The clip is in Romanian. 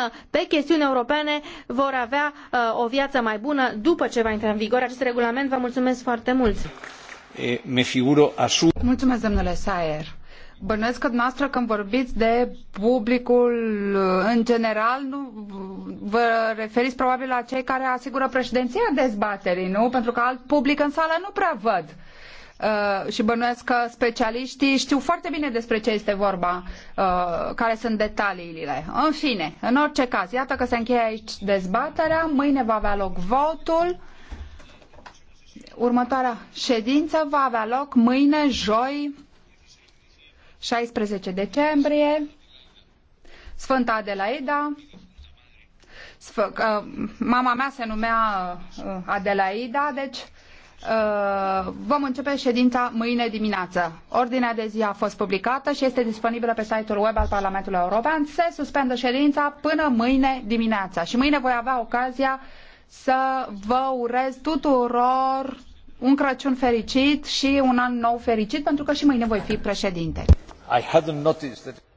europeană uh, pe chestiuni europene vor avea uh, o viață mai bună după ce va intra în vigoare acest regulament. Vă mulțumesc foarte mult! Mulțumesc, domnule Saer. Bănuiesc că dumneavoastră când vorbiți de publicul uh, în general, nu vă referiți probabil la cei care asigură președinția dezbaterii, nu? Pentru că alt public în sală nu prea văd. Uh, și bănuiesc că specialiștii știu foarte bine despre ce este vorba, uh, care sunt detaliile. În fine, în orice caz, iată că se încheie aici dezbaterea, mâine va avea loc votul. Următoarea ședință va avea loc mâine, joi, 16 decembrie, Sfânta Adelaida, uh, mama mea se numea Adelaida, deci Uh, vom începe ședința mâine dimineață. Ordinea de zi a fost publicată și este disponibilă pe site-ul web al Parlamentului European. Se suspendă ședința până mâine dimineața și mâine voi avea ocazia să vă urez tuturor un Crăciun fericit și un an nou fericit, pentru că și mâine voi fi președinte. I hadn't noticed that...